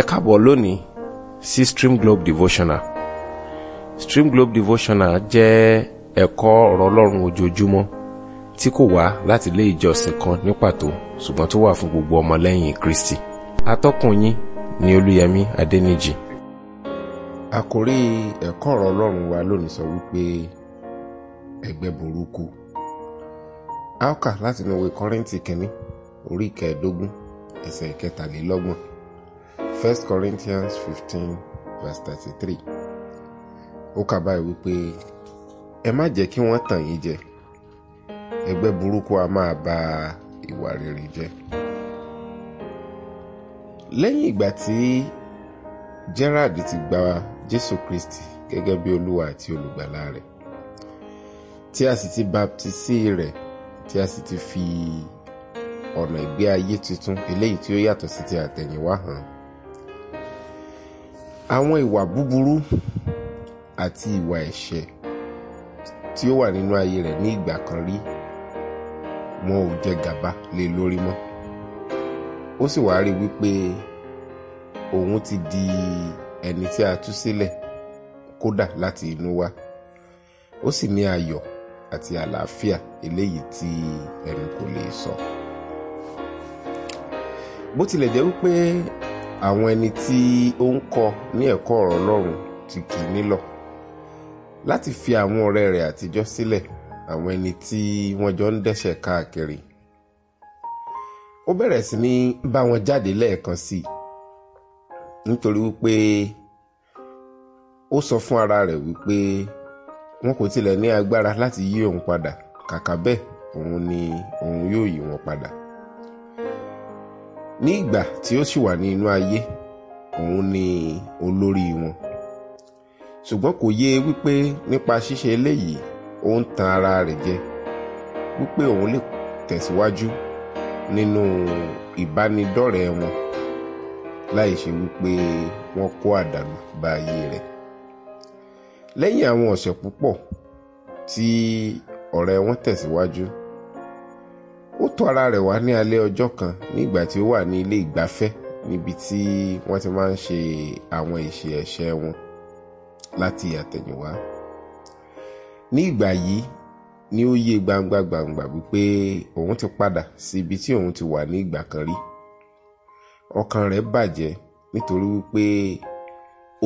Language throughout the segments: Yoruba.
ẹ káàbọ̀ lónìí sí Stream Globe Devotional Stream Globe Devotional jẹ́ ẹ̀kọ́ ọ̀rọ̀ ọlọ́run ojoojúmọ́ tí kò wá láti ilé ìjọsìn kan ní pàtó ṣùgbọ́n tó wà fún gbogbo ọmọlẹ́yìn Kristi atọ́kùn yín ni Olúyẹmí Adẹ́nìjì. àkòrí ẹ̀kọ́ ọ̀rọ̀ ọlọ́run wa lónìí sọ wípé ẹgbẹ́ burúkú a ó kà láti inú ìwé Kọ́ríńtì kìíní orí ìkẹẹ̀ẹ́dógún ẹsẹ̀ ìkẹtàlélọ́gbọ̀n 1 Corinthians 15 verse 33 ó kà báyìí wípé ẹ má jẹ́ kí wọ́n tàn yín jẹ ẹgbẹ́ burúkú a máa ba ìwà rere jẹ́ lẹ́yìn ìgbà tí Gerald ti gba Jésù Kristi gẹ́gẹ́ bí olúwa àti olùgbàlà rẹ̀ tí a sì ti baptisi rẹ̀ tí a sì ti fi ọ̀nà ìgbé ayé tuntun eléyìí tí ó yàtọ̀ sí ti àtẹ̀yìnwá hàn Àwọn ìwà búburú àti ìwà ẹ̀ṣẹ̀ tí ó wà nínú ayé rẹ̀ ní ìgbà kan rí wọn ò jẹ gàba lé lórí mọ́. Ó sì wá rí wípé òun ti di ẹni tí a tú sílẹ̀ kódà láti inú wá. Ó sì ní ayọ̀ àti àlàáfíà eléyìí tí ẹnu kò lè sọ. Bó tilẹ̀ jẹ́ wípé àwọn ẹni tí ó ń kọ́ ní ẹ̀kọ́ ọ̀rọ̀ Ọlọ́run ti kì í nílọ̀ láti fi àwọn ọ̀rẹ́ rẹ̀ àtijọ́ sílẹ̀ àwọn ẹni tí wọ́n jọ ń dẹ́ṣẹ̀ káàkiri ó bẹ̀rẹ̀ sí ní bá wọn jáde lẹ́ẹ̀kan sí i nítorí wípé ó sọ fún ara rẹ̀ wípé wọn kò tilẹ̀ ní agbára láti yí òun padà kàkà bẹ́ẹ̀ òun ni òun yóò yí wọn padà ní ìgbà tí ó sì wà ní inú ayé òun ni olórí wọn ṣùgbọ́n kò yé wípé nípa ṣíṣe eléyìí ó ń tan ara rẹ̀ jẹ wípé òun lè tẹ̀síwájú nínú ìbánidọ́rẹ̀ẹ́ wọn láì ṣe wípé wọ́n kó àdánù bá ayé rẹ̀ lẹ́yìn àwọn ọ̀sẹ̀ púpọ̀ tí ọ̀rẹ́ wọn tẹ̀síwájú. Si ó tọ́ ara rẹ̀ wá ní alẹ́ ọjọ́ kan nígbà tí ó wà ní ilé ìgbafẹ́ níbi tí wọ́n ti máa ń ṣe àwọn ìṣe ẹ̀ṣẹ̀ wọn láti àtẹ̀yìnwá ní ìgbà yìí ni ó yé gbangba gbangba wípé òun ti padà sí ibi tí òun ti wà ní ìgbà kan rí ọkàn rẹ̀ bàjẹ́ nítorí wípé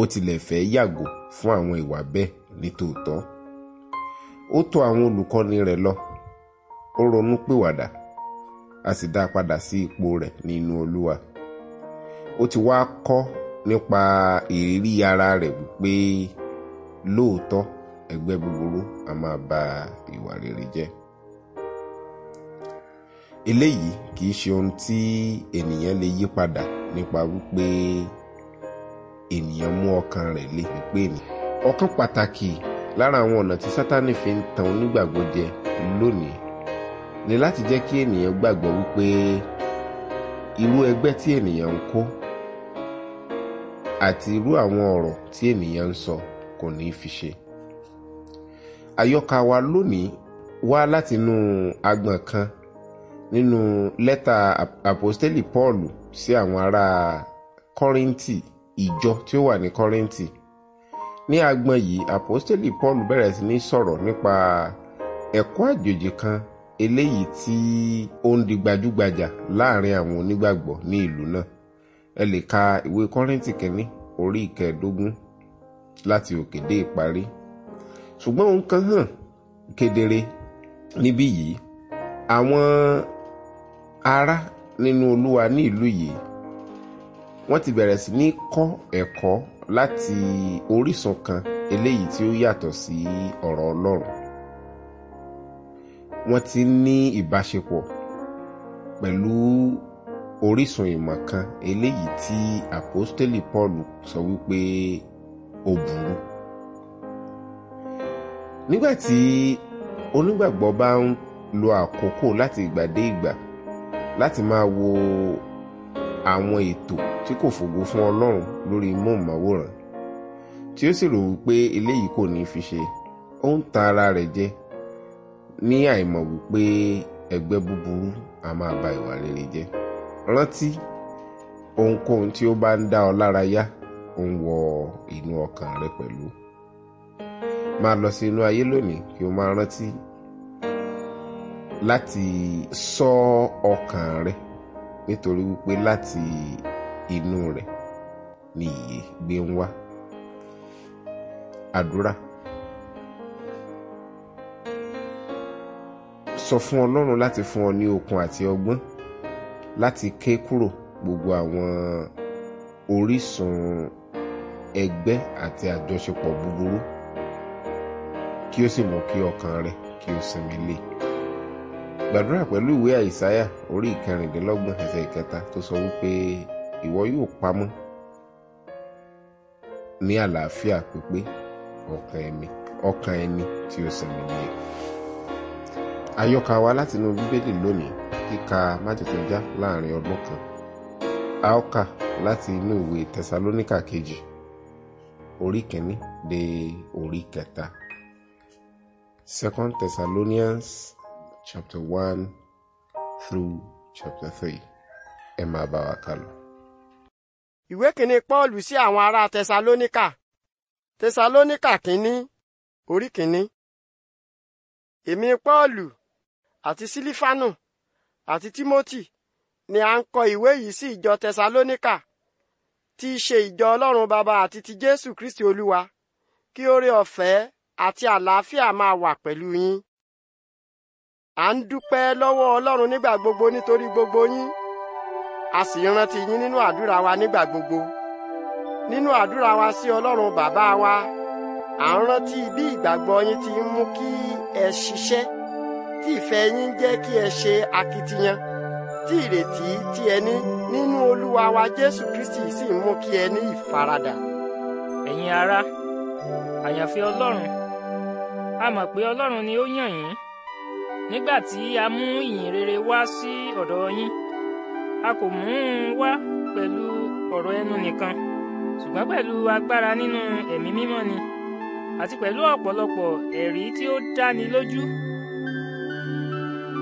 ó tilẹ̀ fẹ́ yàgò fún àwọn ìwà bẹ́ẹ̀ nítòótọ́ ó tọ̀ àwọn olùkọ́ni rẹ̀ lọ ó ronú pìwàdà a sì dá a padà sí ipò rẹ̀ nínú olúwa ó ti wá kọ́ nípa ìrírí ara rẹ̀ wípé lóòótọ́ ẹgbẹ́ búburú a máa ba ìwà rere jẹ́ eléyìí kì í ṣe ohun tí ènìyàn lè yí padà nípa wípé ènìyàn mú ọkàn rẹ̀ lé wípé mi. ọ̀kan pàtàkì lára àwọn ọ̀nà tí sátánì fi ń tan onígbàgbọ́ jẹ lónìí ni láti jẹ́ kí ènìyàn gbàgbọ́ wípé irú ẹgbẹ́ tí ènìyàn ń kó àti irú àwọn ọ̀rọ̀ tí ènìyàn ń sọ kò ní fi ṣe. àyọkà wa lónìí wá látinú agbọ̀n kan nínú lẹ́tà àpọ́stélì Pọ́ọ̀lù sí àwọn ará Kọ́ríńtì ìjọ tí ó wà ní Kọ́ríńtì ní agbọ̀n yìí àpọ́stélì Pọ́ọ̀lù bẹ̀rẹ̀ sí ní sọ̀rọ̀ nípa ẹ̀kọ́ àjòjì kan eléyìí tí ó ń di gbajúgbajà láàrin àwọn onígbàgbọ́ ní ìlú náà ẹ lè ka ìwé kọ́rìntì kínní orí ìkẹẹ̀ẹ́dógún láti òkè dé ìparí ṣùgbọ́n ohun kan hàn kedere níbí yìí àwọn ará nínú olúwa ní ìlú yìí wọ́n ti bẹ̀rẹ̀ sí ní kọ́ ẹ̀kọ́ láti orísun kan eléyìí tí ó yàtọ̀ sí ọ̀rọ̀ ọlọ́run wọ́n ti ní ìbáṣepọ̀ pẹ̀lú orísun ìmọ̀ kan eléyìí tí àpọ́stélì Paul sọ wípé ó burú. nígbà tí onígbàgbọ́ bá ń lo àkókò láti ìgbà dé ìgbà láti máa wo àwọn ètò tí kò fògo fún Ọlọ́run lórí móhùnmáwòrán tí ó sì rò wípé eléyìí kò ní í fi ṣe ó ń ta ara rẹ̀ jẹ ní àìmọ̀ wípé ẹgbẹ́ búburú a máa ba ìwà rere jẹ́ rántí ohunkóhun tí ó bá ń dá ọ lára yá ó ń wọ inú ọkàn rẹ pẹ̀lú máa lọ sí inú ayé lónìí kí o máa rántí láti sọ ọkàn rẹ nítorí wípé láti inú rẹ ni ìyè gbé ń wá àdúrà sọ fún ọlọ́run láti fún ọ ní okun àti ọgbọ́n láti ké kúrò gbogbo àwọn orísun ẹgbẹ́ àti àjọṣepọ̀ búburú kí ó sì mú kí ọkàn rẹ kí ó sinmi lé gbàdúrà pẹ̀lú ìwé àìsáyà orí ìkẹrìndínlọ́gbọ̀n ẹsẹ̀ ìkẹta tó sọ wípé ìwọ yóò pamọ́ ní àlàáfíà pípé ọkàn ẹni ọkàn ẹni tí ó sinmi lé àyọkà wa látinú bíbélì lónìí kíka májètòjá láàrin ọdún kan a ó kà láti inú ìwé tẹsalóníkà kejì orí kìíní de orí kẹta second thessalonians chapter one through chapter three ẹ máa bá wa kà lọ. ìwé kìíní pọ́ọ̀lù sí àwọn ará tẹsalóníkà tẹsalóníkà kìíní orí kìíní èmi pọ́ọ̀lù àti sílífánù àti tímótì ni à ń kọ ìwé yìí sí ìjọ tẹsalóníkà tí í ṣe ìjọ ọlọ́run bàbá àti ti jésù kristi olúwa kí oore ọ̀fẹ́ àti àlàáfíà máa wà pẹ̀lú yín à ń dúpẹ́ lọ́wọ́ ọlọ́run nígbà gbogbo nítorí gbogbo yín a sì rántí yín nínú àdúrà wa nígbà gbogbo nínú àdúrà wa sí ọlọ́run bàbá wa à ń rántí bí ìgbàgbọ́ yín ti ń mú kí ẹ ṣiṣẹ́ tí ìfẹ́ yín jẹ́ kí ẹ ṣe akitiyan tí ìrètí tí ẹ ní nínú olúwa wa jésù kristi sì mú kí ẹ ní ìfaradà. ẹ̀yin ará àyànfẹ́ ọlọ́run a mọ̀ pé ọlọ́run ni ó yàn yín nígbà tí a mú ìyìn rere wá sí ọ̀dọ̀ yín a kò mú un wá pẹ̀lú ọ̀rọ̀ ẹnu nìkan ṣùgbọ́n pẹ̀lú agbára nínú ẹ̀mí mímọ́ ni àti pẹ̀lú ọ̀pọ̀lọpọ̀ ẹ̀rí tí ó dáni lójú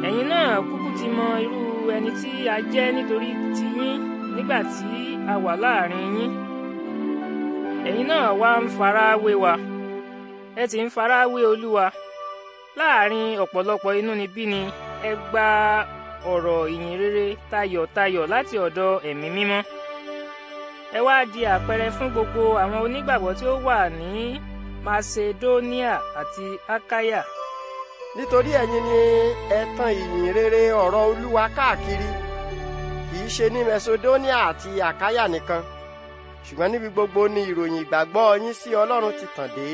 ẹ̀yin náà kúkú ti mọ irú ẹni tí a jẹ́ nítorí ti yín nígbà tí a wà láàrin yín ẹ̀yin náà wá ń fara wé wa ẹ ti ń fara wé olúwa láàrin ọ̀pọ̀lọpọ̀ inúnibíni ẹ gba ọ̀rọ̀ ìyìn rere tayọ̀tayọ̀ láti ọ̀dọ̀ ẹ̀mí mímọ́ ẹ wá di àpẹẹrẹ fún gbogbo àwọn onígbàgbọ́ tí ó wà ní Macedonia àti Akaya nítorí ẹ̀yin ni ẹ tan ìyìn rere ọ̀rọ̀ olúwa káàkiri kìí ṣe ní Macedonia àti Akaya nìkan ṣùgbọ́n níbi gbogbo ni ìròyìn ìgbàgbọ́ yín sí Ọlọ́run ti tàn dé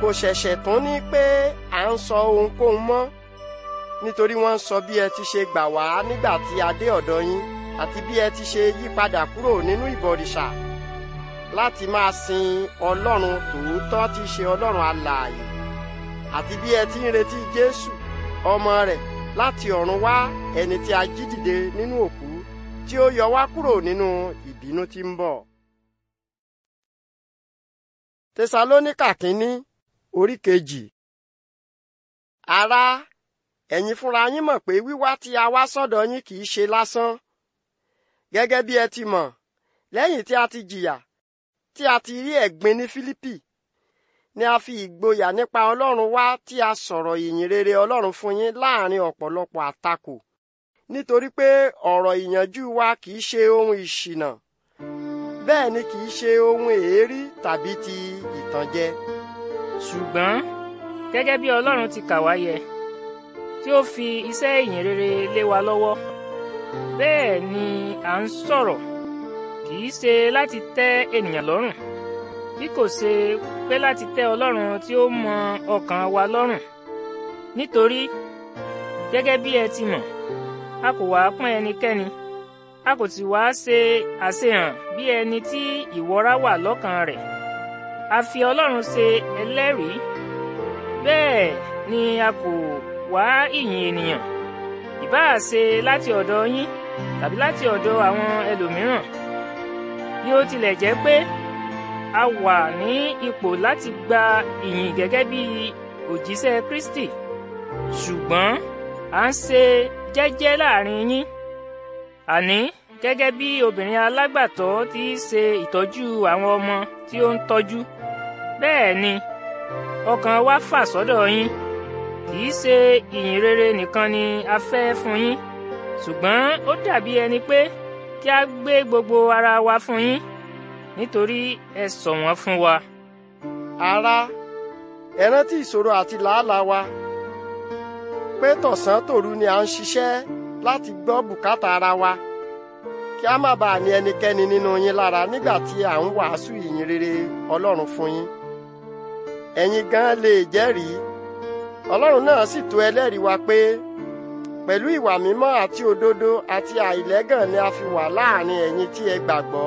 kò ṣẹ̀ṣẹ̀ tún ní pé à ń sọ ohunkóhun mọ́ nítorí wọ́n ń sọ bí ẹ ti ṣe gbà wá nígbà tí a dé ọ̀dọ̀ yín àti bí ẹ ti ṣe yí padà kúrò nínú ìbọ̀rìṣà láti máa sin Ọlọ́run tòótọ́ tí ṣe Ọlọ́run alààyè àti bí ẹ ti ń retí Jésù ọmọ rẹ̀ láti ọ̀run wá ẹni tí a jí dìde nínú òkú tí ó yọ wá kúrò nínú ìbínú tí ń bọ̀. Tesalonika kínní orí kejì. Ará ẹ̀yin fúnra yín mọ̀ pé wíwá tí a wá sọ́dọ̀ yín kìí ṣe lásán. Gẹ́gẹ́ bí ẹ ti mọ̀, lẹ́yìn tí a ti jìyà, tí a ti rí ẹ̀gbin ní Fílípì, ni a fi ìgboyà nípa Ọlọ́run wá tí a sọ̀rọ̀ ìyìn rere Ọlọ́run fún yín láàrin ọ̀pọ̀lọpọ̀ àtakò nítorí pé ọ̀rọ̀ ìyànjú wa kì í ṣe ohun ìṣìnà bẹ́ẹ̀ ni kì í ṣe ohun èérí tàbí ti ìtànjẹ. ṣùgbọ́n gẹ́gẹ́ bí Ọlọ́run ti kà wá yẹ tí ó fi iṣẹ́ ìyìn rere lé wa lọ́wọ́ bẹ́ẹ̀ ni à ń sọ̀rọ̀ kì í ṣe láti tẹ́ ènìyàn lọ́rùn bí kò ṣe pé láti tẹ́ Ọlọ́run tí ó mọ ọkàn wa lọ́rùn nítorí gẹ́gẹ́ bí ẹ ti mọ̀ a kò wá pọ́n ẹnikẹ́ni a kò sì wá ṣe àṣehàn bí ẹni tí ìwọ́ra wà lọ́kàn rẹ̀ a fi Ọlọ́run ṣe ẹlẹ́rìí bẹ́ẹ̀ ni a kò wá ìyìn ènìyàn ìbáà ṣe láti ọ̀dọ̀ yín tàbí láti ọ̀dọ̀ àwọn ẹlòmíràn bí ó tilẹ̀ jẹ́ pé a wà ní ipò láti gba ìyìn gẹ́gẹ́ bí òjíṣẹ́ Kristi ṣùgbọ́n à ń ṣe jẹ́jẹ́ láàrin yín àní gẹ́gẹ́ bí obìnrin alágbàtọ́ ti ṣe ìtọ́jú àwọn ọmọ tí ó ń tọ́jú bẹ́ẹ̀ ni ọkàn wa fà sọ́dọ̀ yín kìí ṣe ìyìn rere nìkan ni a fẹ́ fún yín ṣùgbọ́n ó dàbí ẹni pé kí a gbé gbogbo ara wa fún yín nítorí ẹ sọ wọ́n fún wa. ará ẹ rántí ìṣòro àti làálàá wa pé tọ̀sán tòru ni à ń ṣiṣẹ́ láti gbọ́ bùkátà ara wa kí a má bàa ní ẹnikẹ́ni nínú yín lára nígbà tí à ń wàásù ìyìn rere Ọlọ́run fún yín ẹ̀yin gan lè jẹ́rìí Ọlọ́run náà sì tó ẹlẹ́rìí wa pé pẹ̀lú ìwà mímọ́ àti òdodo àti àìlẹ́gàn ni a fi wà láàrin ẹ̀yin tí ẹ gbàgbọ́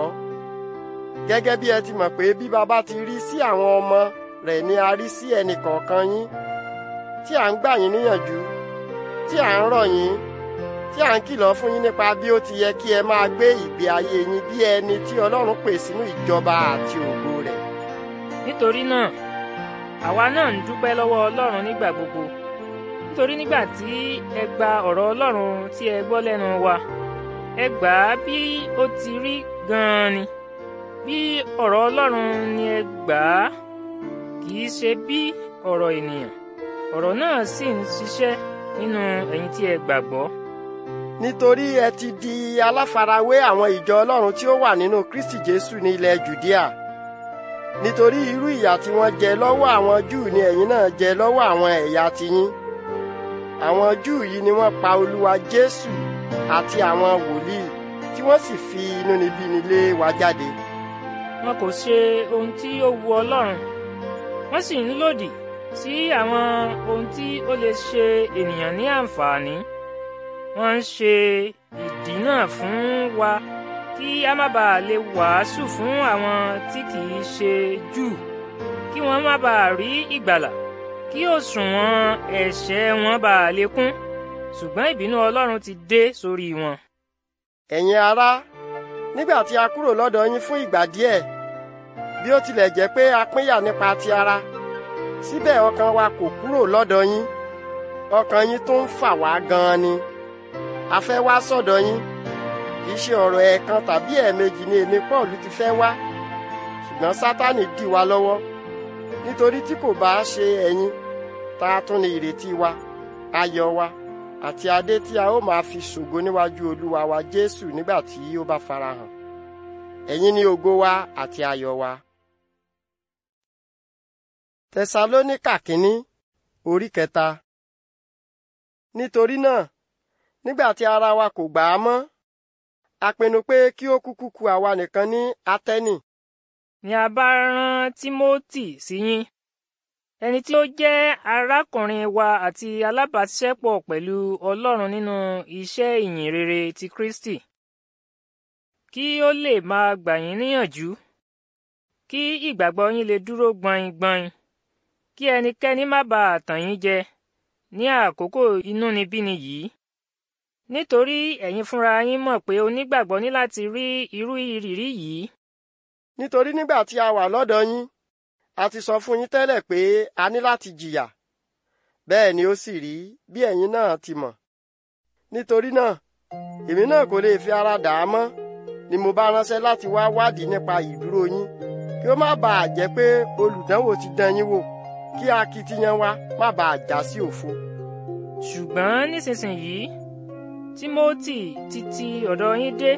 gẹ́gẹ́ bí ẹ ti mọ̀ pé bí baba ti rí sí àwọn ọmọ rẹ̀ ni a rí sí ẹnìkọ̀ọ̀kan yín tí à ń gbà yín níyànjú tí à ń rọ̀ yín tí à ń kìlọ̀ fún yín nípa bí ó ti yẹ kí ẹ máa gbé ìgbé ayé yín bí ẹni tí Ọlọ́run pè sínú ìjọba àti ògo rẹ̀. nítorí náà àwa náà ń dúpẹ́ lọ́wọ́ Ọlọ́run nígbà gbogbo nítorí nígbà tí ẹ gba ọ̀rọ̀ Ọlọ́run tí ẹ gbọ́ lẹ́nu wa ẹ gbà á bí ó ti rí gan-an ni bí ọ̀rọ̀ Ọlọ́run ni ẹ gbà á kì í ṣe bí ọ̀rọ̀ ènìyàn ọ̀rọ̀ náà sì ń ṣiṣẹ́ nínú ẹ̀yin tí ẹ gbàgbọ́. nítorí ẹ ti di aláfarawé àwọn ìjọ Ọlọ́run tí ó wà nínú Kristi Jésù ní ilẹ̀ Judea nítorí irú ìyà tí wọ́n jẹ lọ́wọ́ àwọn Júù ni ẹ̀yin náà jẹ lọ́wọ́ àwọn ẹ̀yà tiyín àwọn Júù yìí ni wọ́n pa Olúwa Jésù àti àwọn wòlíì tí wọ́n sì fi inúnibíni lé wa jáde wọn kò ṣe ohun tí ó wu Ọlọ́run wọ́n sì ń lòdì sí àwọn ohun tí ó lè ṣe ènìyàn ní àǹfààní wọ́n ń ṣe ìdínà fún wa kí a má bàa lè wàásù fún àwọn tí kì í ṣe Júù kí wọ́n má bàa rí ìgbàlà kí òṣùwọ̀n ẹ̀ṣẹ̀ wọn bàa lè kún ṣùgbọ́n ìbínú Ọlọ́run ti dé sórí wọn. ẹ̀yin ará nígbà tí a kúrò lọ́dọ̀ yín fún ìgbà díẹ̀ bí ó tilẹ̀ jẹ́ pé a pínyà nípa ti ara síbẹ̀ ọkàn wa kò kúrò lọ́dọ̀ yín ọkàn yín tó ń fà wá gan-an ni a fẹ́ wá sọ́dọ̀ yín kìí ṣe ọ̀rọ̀ ẹ̀ẹ̀kan tàbí ẹ̀ẹ̀mejì ni èmi Pọ́ọ̀lù ti fẹ́ wá ṣùgbọ́n Sátánì dì wá lọ́wọ́ nítorí tí kò bá ṣe ẹ̀yin ta tún ni ìrètí wa ayọ̀ wa àti adé tí a ó máa fi ṣògo níwájú olúwa wa jésù nígbà tí ó bá farahàn ẹ̀yin ni ògo wa àti ayọ̀ wa. tẹsalóníkà kínní orí kẹta nítorí náà nígbà tí ara wa kò gbà á mọ́ a pinnu pé kí ó kúkú kù àwa nìkan ní atẹ́nì. ni a bá rán tímọ́tì sí yín ẹni tí ó jẹ́ arákùnrin wa àti alábàáṣiṣẹ́pọ̀ pẹ̀lú Ọlọ́run nínú iṣẹ́ ìyìn rere ti Kristi kí ó lè máa gbà yín níyànjú kí ìgbàgbọ́ yín lè dúró gbọ̀nyìngbọ̀nyìn kí ẹnikẹ́ni má bàa tàn yín jẹ ní àkókò inúnibíni yìí nítorí ẹ̀yin fúnra yín mọ̀ pé onígbàgbọ́ ní láti rí irú ìrírí yìí. nítorí nígbà tí a wà lọ́dọ̀ yín a ti sọ fún yín tẹ́lẹ̀ pé a ní láti jìyà bẹ́ẹ̀ ni ó sì rí bí ẹ̀yin náà ti mọ̀ nítorí náà èmi náà kò lè fi ara dà á mọ́ ni mo bá ránṣẹ́ láti wá wádìí nípa ìdúró yín kí ó má bàa jẹ́ pé olùdánwò ti dán yín wò kí akitiyan wa má bàa já sí òfo. ṣùgbọ́n nísinsìnyí Tímótì ti ti ọ̀dọ̀ yín dé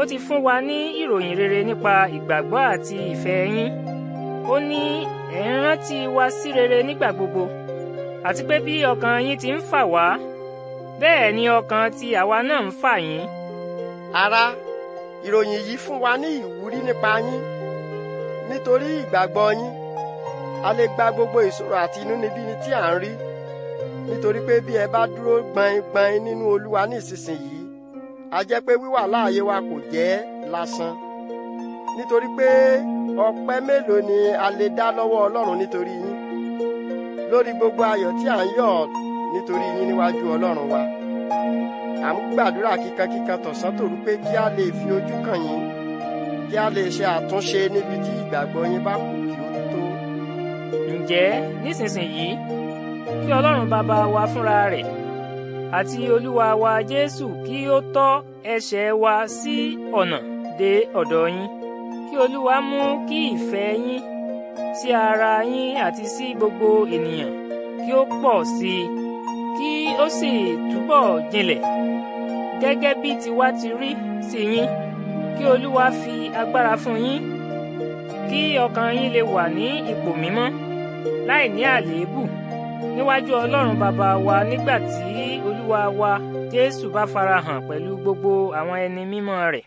ó ti fún wa ní ìròyìn rere nípa ìgbàgbọ́ àti ìfẹ́ yín ó ní ẹ̀ ń rántí wa sí rere nígbà gbogbo àti pé bí ọkàn yín ti ń fà wá bẹ́ẹ̀ ni ọkàn ti àwa náà ń fà yín. ará ìròyìn yìí fún wa ní ìwúrí nípa yín nítorí ìgbàgbọ́ yín a lè gba gbogbo ìṣòro àti inúnibíni tí à ń rí nítorí pé bí ẹ bá dúró gbọ̀ngbọ̀n nínú olúwa ní ìsinsìnyí a jẹ́ pé wíwà láàyè wa kò jẹ́ lásán nítorí pé. Pe ọpẹ́ mélòó ni a lè dá lọ́wọ́ Ọlọ́run nítorí yín lórí gbogbo ayọ̀ tí à ń yọ̀ nítorí yín níwájú Ọlọ́run wa à ń gbàdúrà kíkankíkan tọ̀sán tòru pé kí a lè fi ojú kàn yín kí a lè ṣe àtúnṣe níbi tí ìgbàgbọ́ yín bá kù kí ó tó. ǹjẹ́ nísinsìnyí kí Ọlọ́run bàbá wa fúnra rẹ̀ àti Olúwa wa Jésù kí ó tọ́ ẹsẹ̀ wa sí ọ̀nà dé ọ̀dọ̀ yín kí olúwa mú kí ìfẹ́ yín sí ara yín àti sí gbogbo ènìyàn kí ó pọ̀ sí i kí ó sì túbọ̀ jinlẹ̀ gẹ́gẹ́ bí tiwa ti rí sí yín kí olúwa fi agbára fún yín kí ọkàn yín lè wà ní ipò mímọ́ láì ní àléébù níwájú ọlọ́run bàbá wa nígbà tí olúwa wa jésù bá farahàn pẹ̀lú gbogbo àwọn ẹni mímọ́ rẹ̀